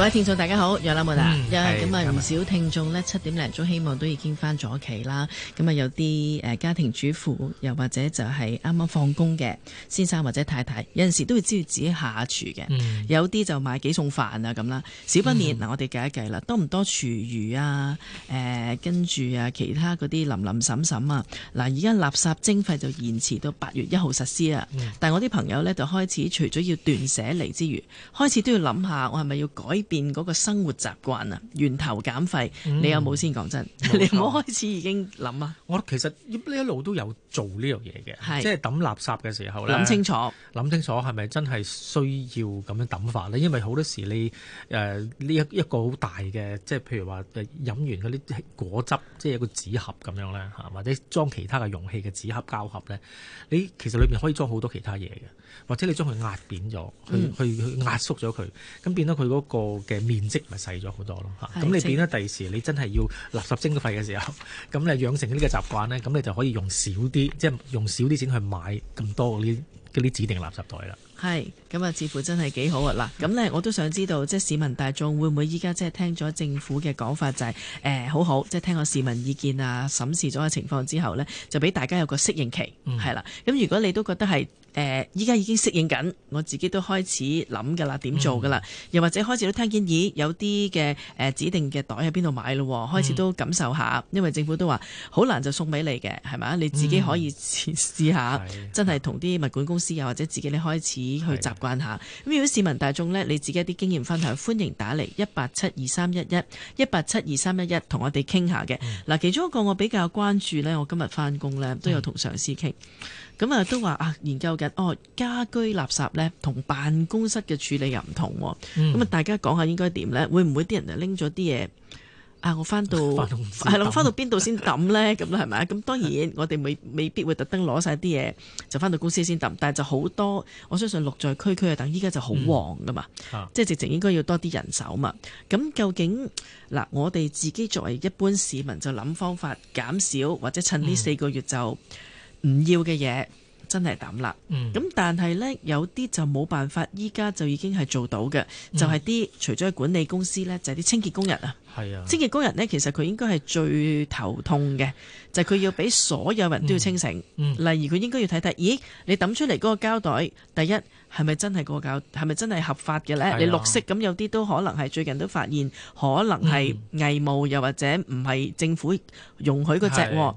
各位聽眾大家好，楊柳木啊，咁啊唔少聽眾呢，七點零鐘希望都已經翻咗屋企啦。咁啊，有啲誒家庭主婦，又或者就係啱啱放工嘅先生或者太太，有陣時都會知道自己下廚嘅。有啲就買幾餸飯啊咁啦，少不免嗱，我哋計一計啦，多唔多廚餘啊？誒，跟住啊，其他嗰啲淋淋沈沈啊，嗱，而家垃圾徵費就延遲到八月一號實施啊。但係我啲朋友呢，就開始除咗要斷捨離之餘，開始都要諗下，我係咪要改？變嗰個生活習慣啊，源頭減廢，嗯、你有冇先講真？錯 你有冇開始已經諗啊？我其實呢一路都有做呢樣嘢嘅，是即係抌垃圾嘅時候咧，諗清楚，諗清楚係咪真係需要咁樣抌法咧？因為好多時你誒呢一一個好大嘅，即係譬如話誒飲完嗰啲果汁，即係一個紙盒咁樣咧吓，或者裝其他嘅容器嘅紙盒膠盒咧，你其實裏邊可以裝好多其他嘢嘅。或者你將佢壓扁咗，去去、嗯、去壓縮咗佢，咁變到佢嗰個嘅面積咪細咗好多咯嚇。咁、嗯、你變咗第時，你真係要垃圾徵費嘅時候，咁你養成呢個習慣咧，咁你就可以用少啲，即係用少啲錢去買咁多嗰啲啲指定垃圾袋啦。係咁啊，就似乎真係幾好啊嗱。咁咧，我都想知道，即係市民大眾會唔會依家即係聽咗政府嘅講法、就是，就係誒好好，即係聽個市民意見啊，審視咗嘅情況之後咧，就俾大家有個適應期係、嗯、啦。咁如果你都覺得係。誒，依家、呃、已經適應緊，我自己都開始諗㗎啦，點做㗎啦，嗯、又或者開始都聽見，咦，有啲嘅誒指定嘅袋喺邊度買咯，開始都感受下，嗯、因為政府都話好難就送俾你嘅，係咪？你自己可以試試下，嗯、真係同啲物管公司又或者自己呢開始去習慣下。咁、嗯、如果市民大眾呢，你自己一啲經驗分享，的歡迎打嚟一八七二三一一一八七二三一一，同我哋傾下嘅。嗱、嗯，其中一個我比較關注呢，我今日翻工呢，都有同上司傾。呢嗯嗯咁啊，都話啊，研究緊哦，家居垃圾呢同辦公室嘅處理又唔同喎。咁啊，嗯、大家講下應該點呢？會唔會啲人就拎咗啲嘢啊？我翻到，係咯，翻到邊度先抌呢？咁啦， 係咪？咁當然我，我哋未未必會特登攞晒啲嘢就翻到公司先抌，但係就好多。我相信六在區區在、嗯、啊，等依家就好旺㗎嘛，即係直情應該要多啲人手嘛。咁究竟嗱，我哋自己作為一般市民，就諗方法減少，或者趁呢四個月就、嗯。唔要嘅嘢真係抌啦，咁、嗯、但係呢，有啲就冇辦法，依家就已經係做到嘅，嗯、就係啲除咗係管理公司呢，就係、是、啲清潔工人啊。清潔工人呢，其實佢應該係最頭痛嘅，就係、是、佢要俾所有人都要清醒。嗯嗯、例如佢應該要睇睇，咦，你抌出嚟嗰個膠袋，第一係咪真係個膠，係咪真係合法嘅呢？啊、你綠色咁有啲都可能係最近都發現，可能係偽冒，嗯、又或者唔係政府容許嗰隻。的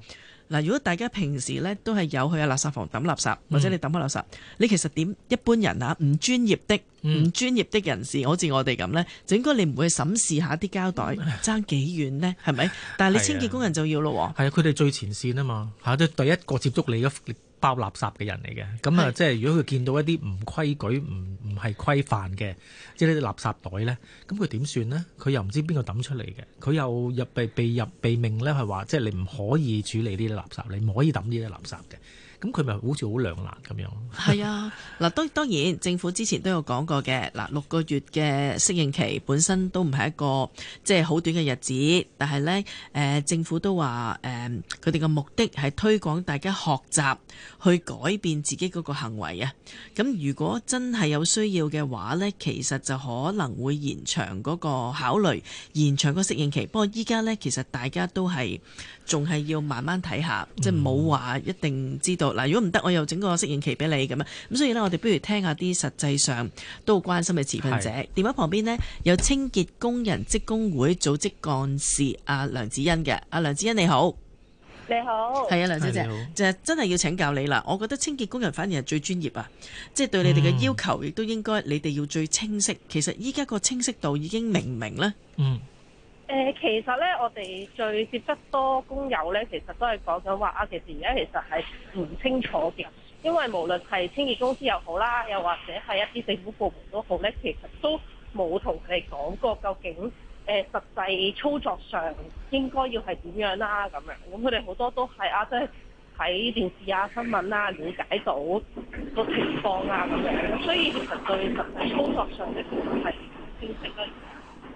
嗱，如果大家平時咧都係有去啊垃圾房抌垃圾，或者你抌下垃圾，嗯、你其實點一般人啊，唔專業的，唔、嗯、專業的人士，好似我哋咁咧，就應該你唔會審視一下啲膠袋爭幾、嗯、遠呢？係咪唉？但係你清潔工人就要咯，係啊，佢哋、啊、最前線啊嘛，嚇，即係第一個接觸你嘅。包垃圾嘅人嚟嘅，咁、嗯、啊，是即係如果佢見到一啲唔規矩、唔唔係規範嘅，即係呢啲垃圾袋咧，咁佢點算咧？佢又唔知邊個抌出嚟嘅，佢又入被被入被命咧，係話即係你唔可以處理呢啲垃圾，你唔可以抌呢啲垃圾嘅。咁佢咪好似好兩難咁樣？係 啊，嗱，當當然政府之前都有講過嘅，嗱六個月嘅適應期本身都唔係一個即係好短嘅日子，但係呢，誒、呃、政府都話誒佢哋嘅目的係推廣大家學習去改變自己嗰個行為啊。咁如果真係有需要嘅話呢，其實就可能會延長嗰個考慮，延長個適應期。不過依家呢，其實大家都係。仲係要慢慢睇下，即係冇話一定知道。嗱、嗯，如果唔得，我又整個適應期俾你咁啊。咁所以呢，我哋不如聽下啲實際上都好關心嘅持份者。是電話旁邊呢，有清潔工人職工會組織幹事阿、啊、梁芷茵嘅。阿、啊、梁芷茵你好，你好，係好啊，梁小姐，好就真係要請教你啦。我覺得清潔工人反而係最專業啊，即係對你哋嘅要求，亦都應該你哋要最清晰。嗯、其實依家個清晰度已經明唔明呢？嗯。誒、呃，其實咧，我哋最接得多工友咧，其實都係講緊話啊，其實而家其實係唔清楚嘅，因為無論係清潔公司又好啦，又或者係一啲政府部門都好咧，其實都冇同佢哋講過究竟誒、呃、實際操作上應該要係點樣啦、啊、咁樣。咁佢哋好多都係啊，即係睇電視啊、新聞啊，了解到個情況啊咁樣。咁所以其實對實際操作上咧係清晰。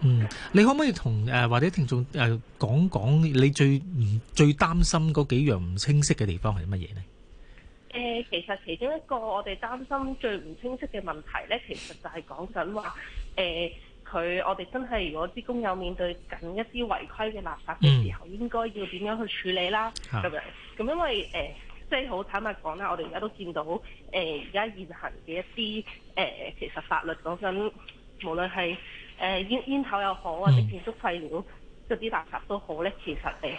嗯，你可唔可以同誒、呃、或者聽眾誒講講你最唔最擔心嗰幾樣唔清晰嘅地方係乜嘢呢？誒、呃，其實其中一個我哋擔心最唔清晰嘅問題咧，其實就係講緊話誒，佢、呃、我哋真係如果啲工友面對緊一啲違規嘅垃圾嘅時候，嗯、應該要點樣去處理啦？咁樣咁因為誒，即、呃、係好坦白講啦，我哋而家都見到誒而家現行嘅一啲誒、呃，其實法律講緊無論係。誒煙、呃、煙頭又好，或者建築廢料嗰啲垃圾都好咧，其實誒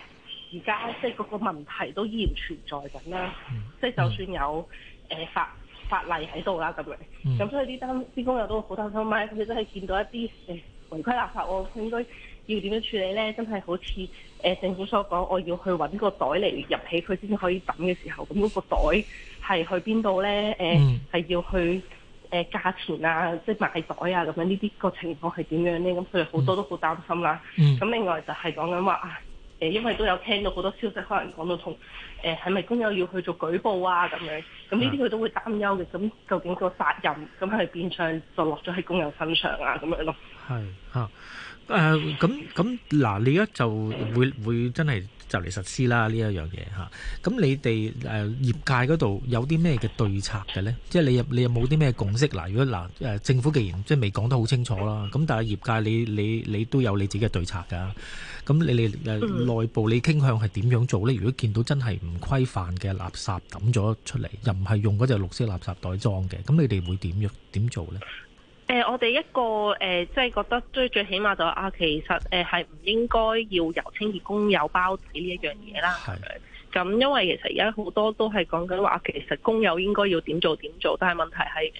而家即係嗰個問題都依然存在緊啦。即係就算有誒、呃、法法例喺度啦，咁樣咁所以啲工啲工友都好擔心，咪佢真係見到一啲誒、欸、違規垃圾，我應該要點樣處理咧？真係好似誒、呃、政府所講，我要去揾個袋嚟入起佢先可以抌嘅時候，咁、嗯、嗰 個袋係去邊度咧？誒、呃、係 要去。誒、呃、價錢啊，即係買袋啊，咁樣呢啲個情況係點樣咧？咁佢哋好多都好擔心啦。咁、嗯、另外就係講緊話啊，誒、呃，因為都有聽到好多消息，可能講到同誒係咪工友要去做舉報啊，咁樣，咁呢啲佢都會擔憂嘅。咁究竟個責任咁係變相就落咗喺工友身上啊？咁樣咯。係啊，誒咁咁嗱，你而家就會、嗯、會、會真係。就嚟實施啦，呢一樣嘢吓。咁你哋誒、呃、業界嗰度有啲咩嘅對策嘅呢？即係你，你有你又冇啲咩共識嗱？如果嗱誒、呃、政府既然即係未講得好清楚啦，咁但係業界你你你都有你自己嘅對策㗎。咁你哋誒內部你傾向係點樣做呢？如果見到真係唔規範嘅垃圾抌咗出嚟，又唔係用嗰隻綠色垃圾袋裝嘅，咁你哋會點樣點做呢？誒、呃，我哋一個誒、呃，即係覺得，即係最起碼就係、啊，其實誒係唔應該要由清潔工有包紙呢一樣嘢啦。咁，因為其實而家好多都係講緊話，其實工友應該要點做點做，但係問題係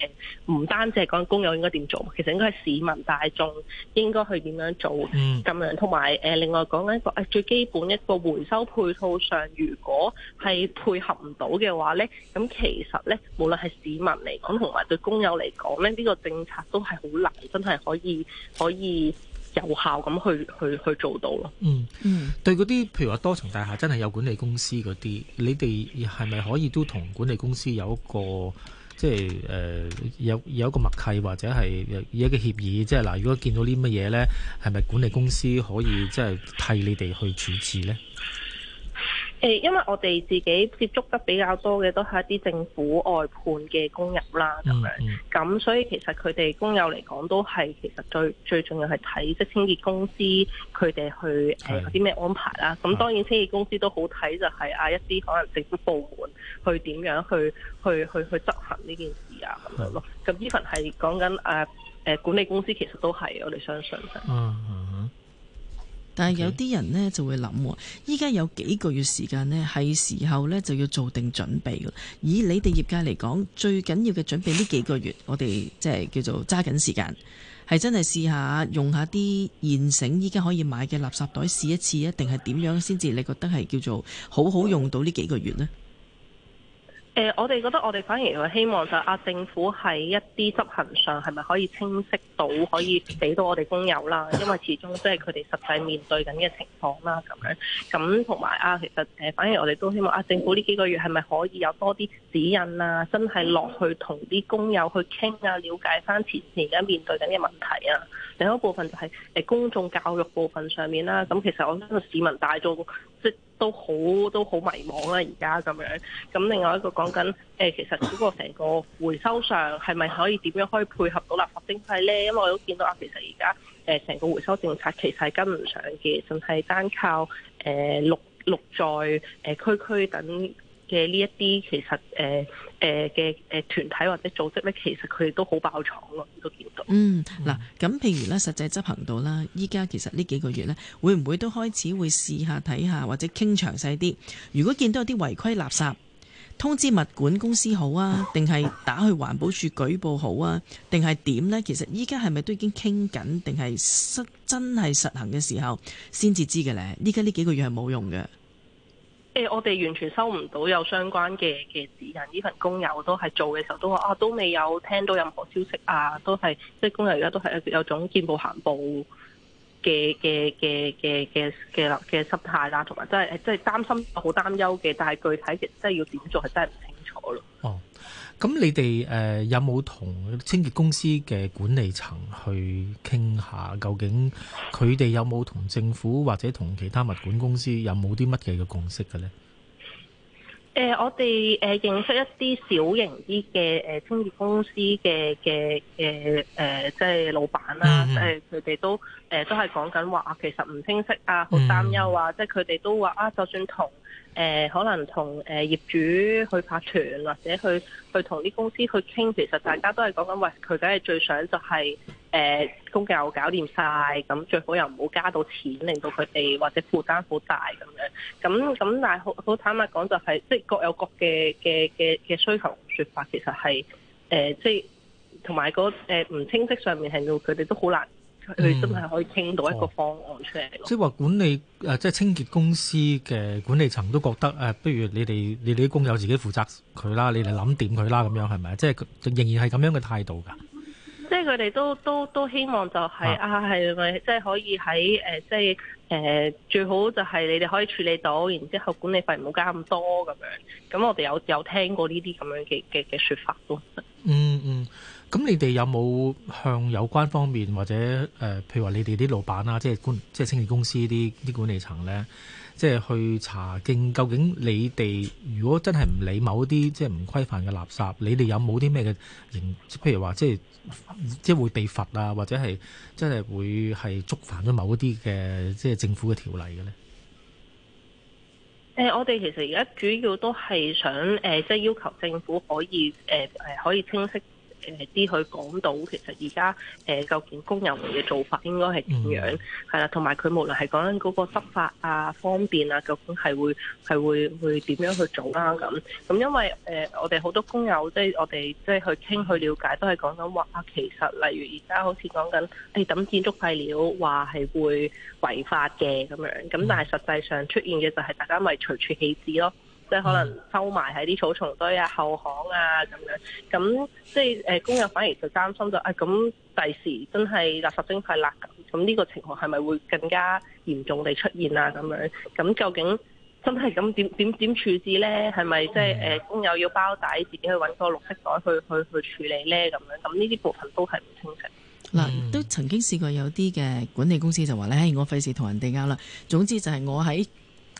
誒，唔單止係講工友應該點做，其實應該係市民大眾應該去點樣做咁樣，同埋誒，另外講緊一個誒最基本一個回收配套上，如果係配合唔到嘅話咧，咁其實咧，無論係市民嚟講同埋對工友嚟講咧，呢個政策都係好難真係可以可以。可以有效咁去去去做到咯。嗯嗯，對嗰啲譬如話多層大廈真係有管理公司嗰啲，你哋係咪可以都同管理公司有一個即係誒、呃、有有一個默契，或者係有，有一個協議？即係嗱，如果見到啲乜嘢呢，係咪管理公司可以即係替你哋去處置呢？誒，因為我哋自己接觸得比較多嘅都係一啲政府外判嘅工友啦，咁、嗯嗯、樣，咁所以其實佢哋工友嚟講都係其實最最重要係睇即清潔公司佢哋去誒有啲咩安排啦。咁是、啊、當然清潔公司都好睇就係啊一啲可能政府部門去點樣去去去去，去執行呢件事啊咁樣咯。咁 even 係講緊誒誒管理公司其實都係我哋相信嘅、嗯。嗯嗯。但係有啲人呢，就會諗，依家有幾個月時間呢，係時候呢，就要做定準備嘅。以你哋業界嚟講，最緊要嘅準備呢幾個月，我哋即係叫做揸緊時間，係真係試下，試用下用下啲現成依家可以買嘅垃圾袋試一次，一定係點樣先至？你覺得係叫做好好用到呢幾個月呢？誒、呃，我哋覺得我哋反而希望就係、啊，政府喺一啲執行上係咪可以清晰到，可以俾到我哋工友啦，因為始終即係佢哋實際面對緊嘅情況啦咁樣。咁同埋啊，其實誒、呃，反而我哋都希望啊，政府呢幾個月係咪可以有多啲指引啊，真係落去同啲工友去傾啊，了解翻前線面，面對緊嘅問題啊。另一部分就係誒公眾教育部分上面啦，咁其實我覺得市民大眾即都好都好迷茫啦，而家咁樣。咁另外一個講緊誒，其實整個成個回收上係咪可以點樣可以配合到立法徵費咧？因為我都見到啊，其實而家誒成個回收政策其實係跟唔上嘅，就係單靠誒綠綠在誒、呃、區區等嘅呢一啲，其實誒。呃誒嘅誒團體或者組織呢，其實佢哋都好爆廠咯，都見到。嗯，嗱，咁譬如呢實際執行到啦，依家其實呢幾個月呢，會唔會都開始會試下睇下或者傾詳細啲？如果見到有啲違規垃圾，通知物管公司好啊，定係打去環保署舉報好啊，定係點呢？其實依家係咪都已經傾緊，定係實真係實行嘅時候先至知嘅呢？依家呢幾個月係冇用嘅。誒，我哋完全收唔到有相關嘅嘅指引，呢份工友都係做嘅時候都話啊，都未有聽到任何消息啊，都係即係工友而家都係有種見步行步嘅嘅嘅嘅嘅嘅嘅心態啦，同埋真係即係擔心好擔憂嘅，但係具體嘅即係要點做係真係唔清楚咯。咁你哋誒有冇同清潔公司嘅管理層去傾下，究竟佢哋有冇同政府或者同其他物管公司有冇啲乜嘢嘅共識嘅呢？誒、呃，我哋誒、呃、認識一啲小型啲嘅誒清潔公司嘅嘅誒誒，即係老闆啦、啊，即係佢哋都誒、呃、都係講緊話，其實唔清晰啊，好擔憂啊，嗯、即係佢哋都話啊，就算同，誒、呃、可能同誒、呃、業主去拍團，或者去去同啲公司去傾，其實大家都係講緊，喂，佢梗係最想就係誒公教搞掂晒，咁最好又唔好加到錢，令到佢哋或者負擔好大咁樣。咁咁但係好好坦白講、就係，就係即係各有各嘅嘅嘅嘅需求説法，其實係誒、呃、即係同埋嗰唔清晰上面，係令佢哋都好難。佢都係可以傾到一個方案出嚟。即係話管理誒、啊，即係清潔公司嘅管理層都覺得誒、啊，不如你哋你哋啲工友自己負責佢啦，你哋諗點佢啦咁樣係咪？即係仍然係咁樣嘅態度㗎？即係佢哋都都都希望就係、是、啊，係咪即係可以喺誒即係誒最好就係你哋可以處理到，然之後管理費唔好加咁多咁樣。咁我哋有有聽過呢啲咁樣嘅嘅嘅説法咯、嗯。嗯嗯。咁你哋有冇向有關方面或者誒、呃，譬如話你哋啲老闆啦，即係管即係清潔公司啲啲管理層咧，即係去查證究竟你哋如果真係唔理某啲即係唔規範嘅垃圾，你哋有冇啲咩嘅刑，譬如話即係即係會被罰啊，或者係真係會係觸犯咗某啲嘅即係政府嘅條例嘅咧？誒、呃，我哋其實而家主要都係想誒，即、呃、係、就是、要求政府可以誒誒、呃，可以清晰。誒知佢講到其實而家誒究竟工友們嘅做法應該係點樣？係啦、嗯，同埋佢無論係講緊嗰個執法啊、方便啊，究竟係會係會會點樣去做啦、啊？咁咁因為誒、呃、我哋好多工友即係我哋即係去傾去了解都，都係講緊話其實例如而家好似講緊誒抌建築廢料話係會違法嘅咁樣，咁但係實際上出現嘅就係大家咪隨處棄置咯。即係可能收埋喺啲草叢堆啊、後巷啊咁樣，咁即係誒、呃、工友反而就擔心咗，啊咁第時真係垃圾徵費啦，咁呢個情況係咪會更加嚴重地出現啊？咁樣，咁究竟真係咁點點點處置咧？係咪即係誒、呃、工友要包底自己去揾個綠色袋去去去，去處理咧？咁樣，咁呢啲部分都係唔清晰。嗱、嗯，都曾經試過有啲嘅管理公司就話咧，hey, 我費事同人哋拗啦，總之就係我喺。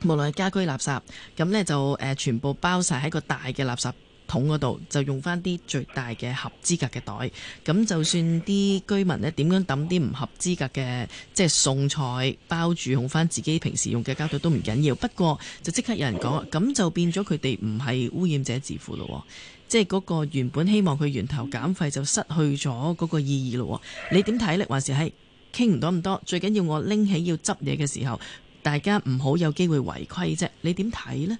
無論係家居垃圾，咁呢就誒全部包晒喺個大嘅垃圾桶嗰度，就用翻啲最大嘅合資格嘅袋。咁就算啲居民咧點樣抌啲唔合資格嘅，即係餸菜包住用翻自己平時用嘅膠袋都唔緊要。不過就即刻有人講啊，咁就變咗佢哋唔係污染者自負咯。即係嗰個原本希望佢源頭減廢就失去咗嗰個意義咯。你點睇咧？還是係傾唔到咁多，最緊要我拎起要執嘢嘅時候。大家唔好有機會違規啫，你點睇呢？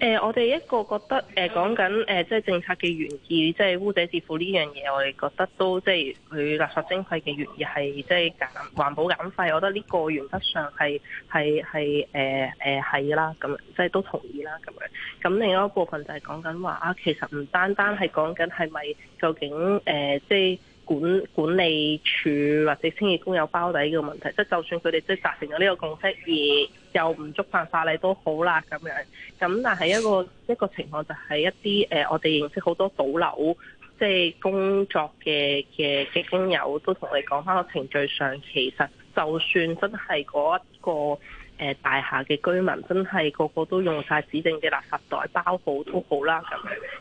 誒、呃，我哋一個覺得誒講緊誒，即、呃、係、呃、政策嘅原意，即係污者自付呢樣嘢，我哋覺得都即係佢垃圾徵費嘅原意係即係減環保減費，我覺得呢個原則上係係係誒誒係啦，咁、呃呃、即係都同意啦，咁樣。咁另外一個部分就係講緊話啊，其實唔單單係講緊係咪究竟誒、呃、即？管管理處或者清潔工友包底嘅問題，即、就、係、是、就算佢哋即係達成咗呢個共識，而又唔觸犯法例都好啦咁樣。咁但係一個一個情況就係一啲誒、呃，我哋認識好多倒樓即係、就是、工作嘅嘅工友都同你講返個程序上，其實就算真係嗰一個。誒、呃、大廈嘅居民真係個個都用晒指定嘅垃圾袋包好都好啦，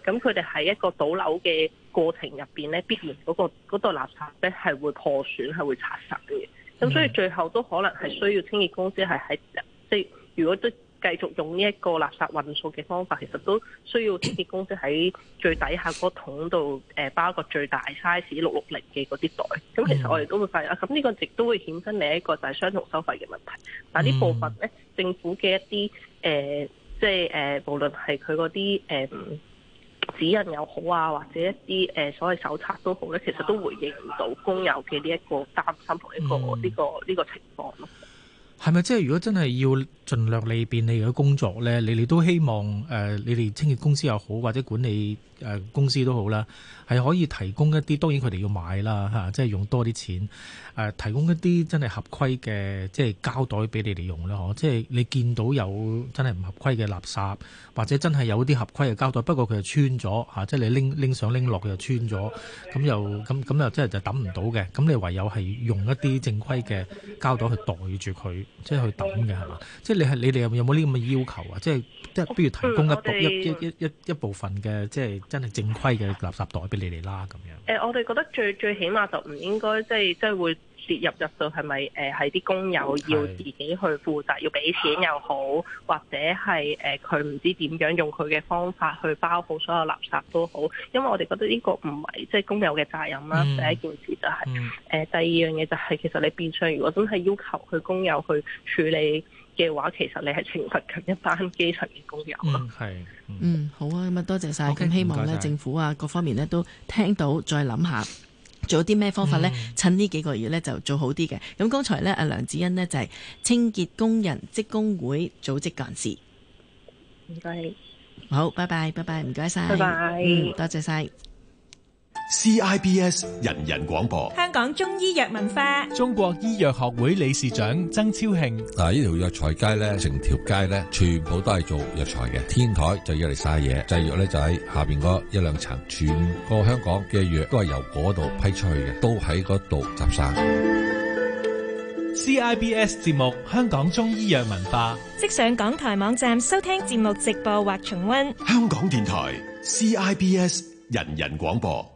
咁佢哋喺一個倒樓嘅過程入邊呢，必然嗰個嗰個垃圾呢係會破損，係會拆實嘅。咁所以最後都可能係需要清潔公司係喺即係，mm hmm. 如果都。繼續用呢一個垃圾運送嘅方法，其實都需要啲清潔工喺最底下個桶度，誒包一個最大 size 六六零嘅嗰啲袋。咁其實我哋都會發現啊，咁呢個亦都會衍生另一個就係雙重收費嘅問題。但係呢部分咧，政府嘅一啲誒、呃，即係誒、呃，無論係佢嗰啲誒指引又好啊，或者一啲誒、呃、所謂手冊都好咧，其實都回應唔到工友嘅呢一個擔心同一個呢個呢個情況咯。係咪即係如果真係要盡量利便你嘅工作咧？你哋都希望誒、呃，你哋清潔公司又好，或者管理。誒、啊、公司都好啦，係可以提供一啲，當然佢哋要買啦嚇、啊，即係用多啲錢誒、啊，提供一啲真係合規嘅即係膠袋俾你哋用啦，即係你見、啊、到有真係唔合規嘅垃圾，或者真係有啲合規嘅膠袋，不過佢就穿咗嚇、啊，即係你拎拎上拎落又穿咗，咁、啊、又咁咁又真係就揼唔到嘅，咁、啊、你唯有係用一啲正規嘅膠袋去袋住佢，即係去揼嘅嚇，即係你係你哋有冇有冇呢咁嘅要求啊？即係、啊、即係不如提供一部一一一一部分嘅即係。真係正，正規嘅垃圾袋俾你哋啦，咁樣。誒、呃，我哋覺得最最起碼就唔應該，即係即係會跌入入到係咪誒，係、呃、啲工友要自己去負責，要俾錢又好，或者係誒佢唔知點樣用佢嘅方法去包好所有垃圾都好。因為我哋覺得呢個唔係即係工友嘅責任啦。嗯、第一件事就係、是、誒、嗯呃，第二樣嘢就係、是、其實你變相如果真係要求佢工友去處理嘅話，其實你係懲罰緊一班基層嘅工友咯、嗯。嗯，嗯，好啊，咁啊，多謝晒。咁 Okay, 希望咧，謝謝政府啊，各方面咧都聽到，再諗下做啲咩方法咧，嗯、趁呢幾個月咧就做好啲嘅。咁剛才咧，阿梁芷茵呢就係、是、清潔工人職工會組織幹事。唔該。好，拜拜，拜拜，唔該晒。拜拜。嗯、多謝晒。CIBS 人人廣播，香港中醫藥文化，中國醫藥學會理事長曾超慶。嗱，呢條藥材街咧，成條街咧，全部都係做藥材嘅。天台就要嚟晒嘢，製藥咧就喺下邊嗰一兩層。全個香港嘅藥都係由嗰度批出去嘅，都喺嗰度集散。CIBS 節目，香港中醫藥文化，即上港台網站收聽節目直播或重溫。香港電台 CIBS 人人廣播。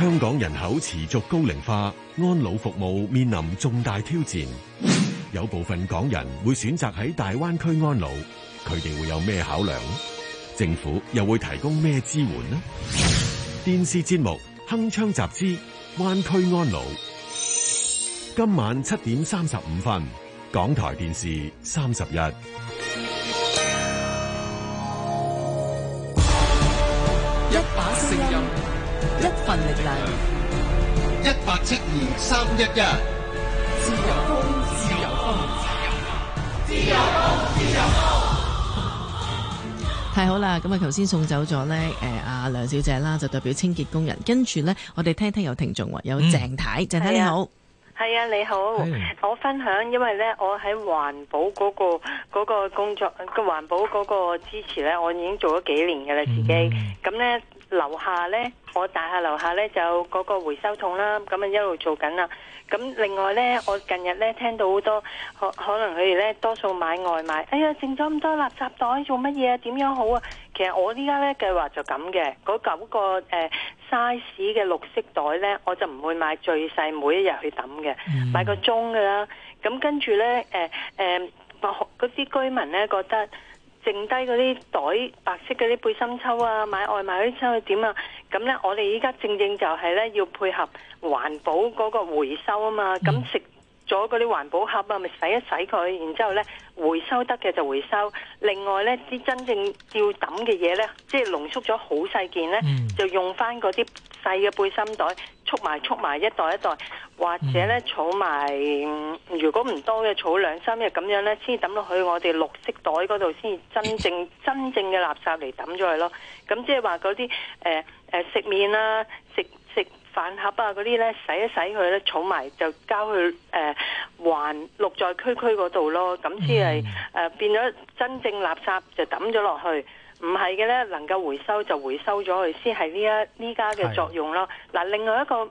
香港人口持續高齡化，安老服務面臨重大挑戰。有部分港人會選擇喺大灣區安老，佢哋會有咩考量？政府又會提供咩支援呢？電視節目《鏗鏘集》之《灣區安老》，今晚七點三十五分，港台電視三十一。份力量，一八七二三一一。自由風，自由風，自由風，自由風。太好啦！咁啊，頭先送走咗咧，誒，阿梁小姐啦，就代表清潔工人。跟住咧，我哋聽聽有聽眾話，有鄭太，鄭太你好，係啊，你好。我分享，因為咧，我喺環保嗰個嗰個工作，個環保嗰個支持咧，我已經做咗幾年㗎啦，自己咁咧。樓下呢，我大廈樓下呢，就嗰個回收桶啦，咁啊一路做緊啦。咁另外呢，我近日呢，聽到好多可可能佢哋呢，多數買外賣，哎呀剩咗咁多垃圾袋做乜嘢啊？點樣好啊？其實我而家呢，計劃就咁嘅，嗰九個、呃、size 嘅綠色袋呢，我就唔會買最細，每一日去抌嘅，買個中噶啦。咁跟住呢，誒、呃、誒，嗰、呃、啲居民呢，覺得。剩低嗰啲袋，白色嗰啲背心抽啊，買外賣嗰啲抽去點啊？咁咧，我哋依家正正就係咧要配合環保嗰個回收啊嘛，咁食。咗嗰啲環保盒啊，咪洗一洗佢，然之後呢回收得嘅就回收。另外呢啲真正要抌嘅嘢呢，即係濃縮咗好細件呢，嗯、就用翻嗰啲細嘅背心袋，篤埋篤埋一袋一袋，嗯、或者呢儲埋，如果唔多嘅儲兩三日咁樣呢，先抌落去我哋綠色袋嗰度，先真正 真正嘅垃圾嚟抌咗去咯。咁即係話嗰啲誒誒食麵啦、啊。食。飯盒啊嗰啲咧，洗一洗佢咧，儲埋就交去誒還綠在區區嗰度咯，咁先係誒變咗真正垃圾就抌咗落去，唔係嘅咧，能夠回收就回收咗去，先係呢一呢家嘅作用咯。嗱，另外一個誒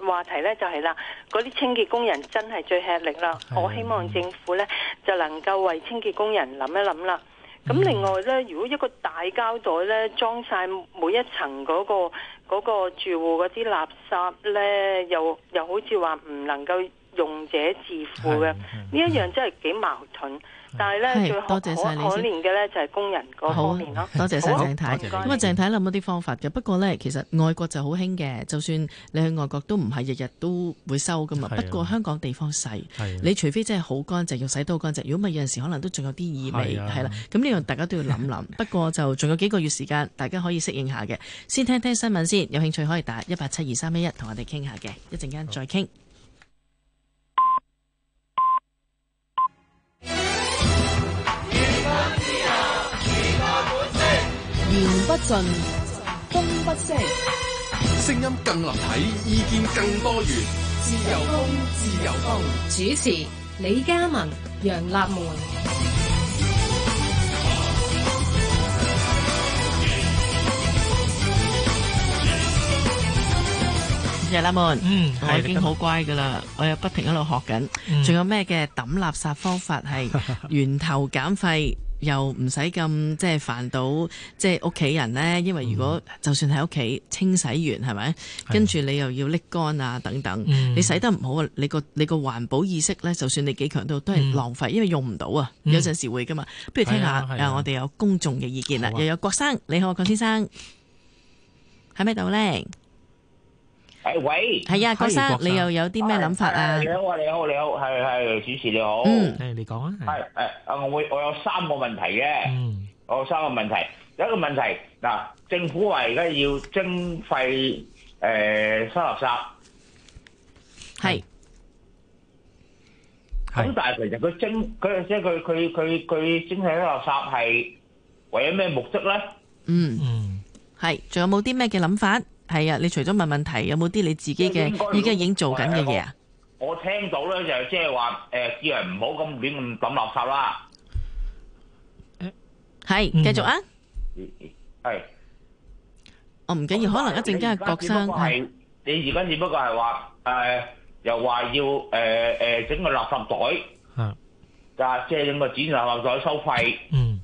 誒話題咧就係啦，嗰啲清潔工人真係最吃力啦，我希望政府咧就能夠為清潔工人諗一諗啦。咁另外咧，如果一個大膠袋咧裝晒每一層嗰個。嗰個住戶嗰啲垃圾咧，又又好似話，唔能夠用者自負嘅，呢一 樣真係幾矛盾。但係咧，最是可多謝你可憐嘅咧就係工人嗰方面咯，好。多謝晒鄭太。咁啊好，鄭太諗一啲方法嘅。不過咧，其實外國就好興嘅，就算你去外國都唔係日日都會收噶嘛。的不過香港地方細，的你除非真係好乾淨，用洗多乾淨。如果咪有陣時可能都仲有啲異味。係啦的，咁呢樣大家都要諗諗。 不過就仲有幾個月時間，大家可以適應下嘅。先聽聽新聞先，有興趣可以打 1, 一八七二三一一同我哋傾下嘅。一陣間再傾。言不盡，風不息，聲音更立體，意見更多元。自由風，自由風。主持李嘉文，楊立門。楊立門，嗯，我已經好乖噶啦，我又不停喺度學緊。仲有咩嘅抌垃圾方法係源頭減廢？又唔使咁即係煩到即係屋企人咧，因為如果、嗯、就算喺屋企清洗完係咪？跟住、啊、你又要拎乾啊等等，嗯、你洗得唔好啊，你個你個環保意識咧，就算你幾強都都係浪費，嗯、因為用唔到啊，有陣時會噶嘛。不如聽，聽下、嗯、啊，啊啊我哋有公眾嘅意見啦，啊、又有郭生，你好，郭先生喺咩度咧？誒，喂，係啊，郭生，你又有啲咩諗法啊？你好，你好，你好，係係，主持你好，嗯，你講啊，係，誒，我我有三個問題嘅，嗯，我有三個問題，有一個問題，嗱，政府話而家要徵費誒收垃圾，係，係，咁但係其實佢徵，即係佢佢佢佢徵費收垃圾係為咗咩目的咧？嗯，係，仲有冇啲咩嘅諗法？係啊！你除咗問問題，有冇啲你自己嘅而家已經做緊嘅嘢啊？我聽到咧就即係話，誒，叫人唔好咁亂咁抌垃圾啦。係繼續啊。係。我唔緊要，可能一陣間郭生係你而家只不過係話誒，又話要誒誒整個垃圾袋，啊，即係整個紙尿垃圾袋收費。嗯。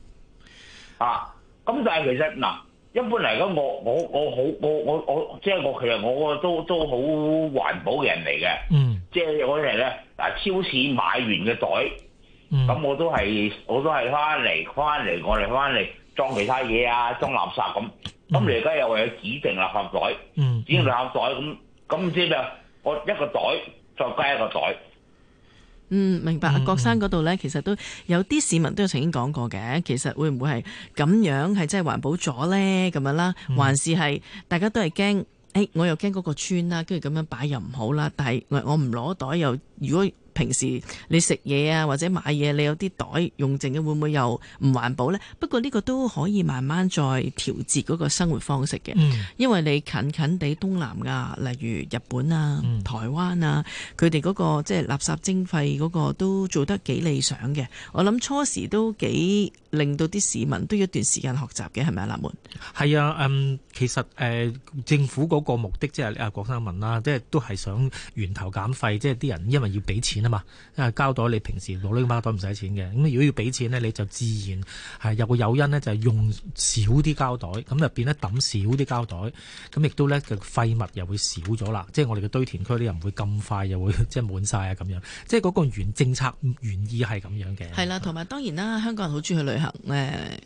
啊，咁但係其實嗱。一般嚟講，我我我好我我我即係我其實我都都好環保嘅人嚟嘅，mm. 即係我哋咧嗱，超市買完嘅袋，咁、mm. 我都係我都係翻嚟翻嚟我哋翻嚟裝其他嘢啊，裝垃圾咁。咁你而家又話要指定垃圾袋，mm. 指定垃圾袋咁咁唔知咩？我一個袋再加一個袋。嗯，明白。郭、嗯、生嗰度咧，其實都有啲市民都有曾經講過嘅，其實會唔會係咁樣係真係環保咗咧咁樣啦，還是係大家都係驚，誒、哎、我又驚嗰個穿啦，跟住咁樣擺又唔好啦，但係我我唔攞袋又如果。平時你食嘢啊，或者買嘢，你有啲袋用剩嘅，會唔會又唔環保呢？不過呢個都可以慢慢再調節嗰個生活方式嘅，嗯、因為你近近地東南亞，例如日本啊、嗯、台灣啊，佢哋嗰個即係垃圾徵費嗰、嗰個都做得幾理想嘅。我諗初時都幾令到啲市民都要一段時間學習嘅，係咪啊？藍門係啊，其實、呃、政府嗰個目的即係阿郭生問啦，即係都係想源頭減費，即係啲人因為要俾錢嘛，因為膠袋你平時攞呢個膠袋唔使錢嘅，咁如果要俾錢咧，你就自然係有個誘因咧，就係用少啲膠袋，咁就變得抌少啲膠袋，咁亦都咧嘅廢物又會少咗啦。即係我哋嘅堆填區又唔會咁快又會即係滿晒啊咁樣，即係嗰個原政策原意係咁樣嘅。係啦，同埋當然啦，香港人好中意去旅行咧。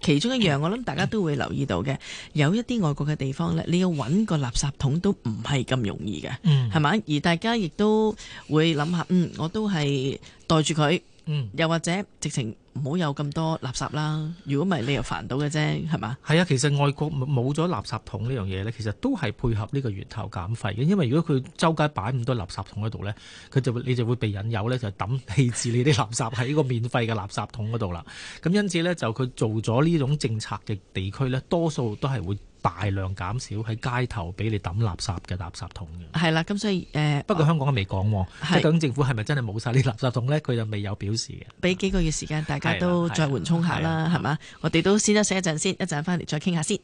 其中一樣，我諗大家都會留意到嘅，有一啲外國嘅地方咧，你要揾個垃圾桶都唔係咁容易嘅，嗯，係咪？而大家亦都會諗下，嗯，我都係袋住佢，又或者直情。唔好有咁多垃圾啦！如果唔係，你又煩到嘅啫，係嘛？係啊，其實外國冇咗垃圾桶呢樣嘢咧，其實都係配合呢個源頭減廢嘅。因為如果佢周街擺咁多垃圾桶喺度咧，佢就你就會被引誘咧，就抌棄置你啲垃圾喺呢個免費嘅垃圾桶嗰度啦。咁因此咧，就佢做咗呢種政策嘅地區咧，多數都係會。大量減少喺街頭俾你抌垃圾嘅垃圾桶嘅，係啦。咁所以誒，呃、不過香港都未講喎，即係究竟政府係咪真係冇晒啲垃圾桶咧？佢就未有表示嘅。俾幾個月時間，大家都的再緩衝下啦，係嘛？我哋都先得寫一陣先，一陣翻嚟再傾下先。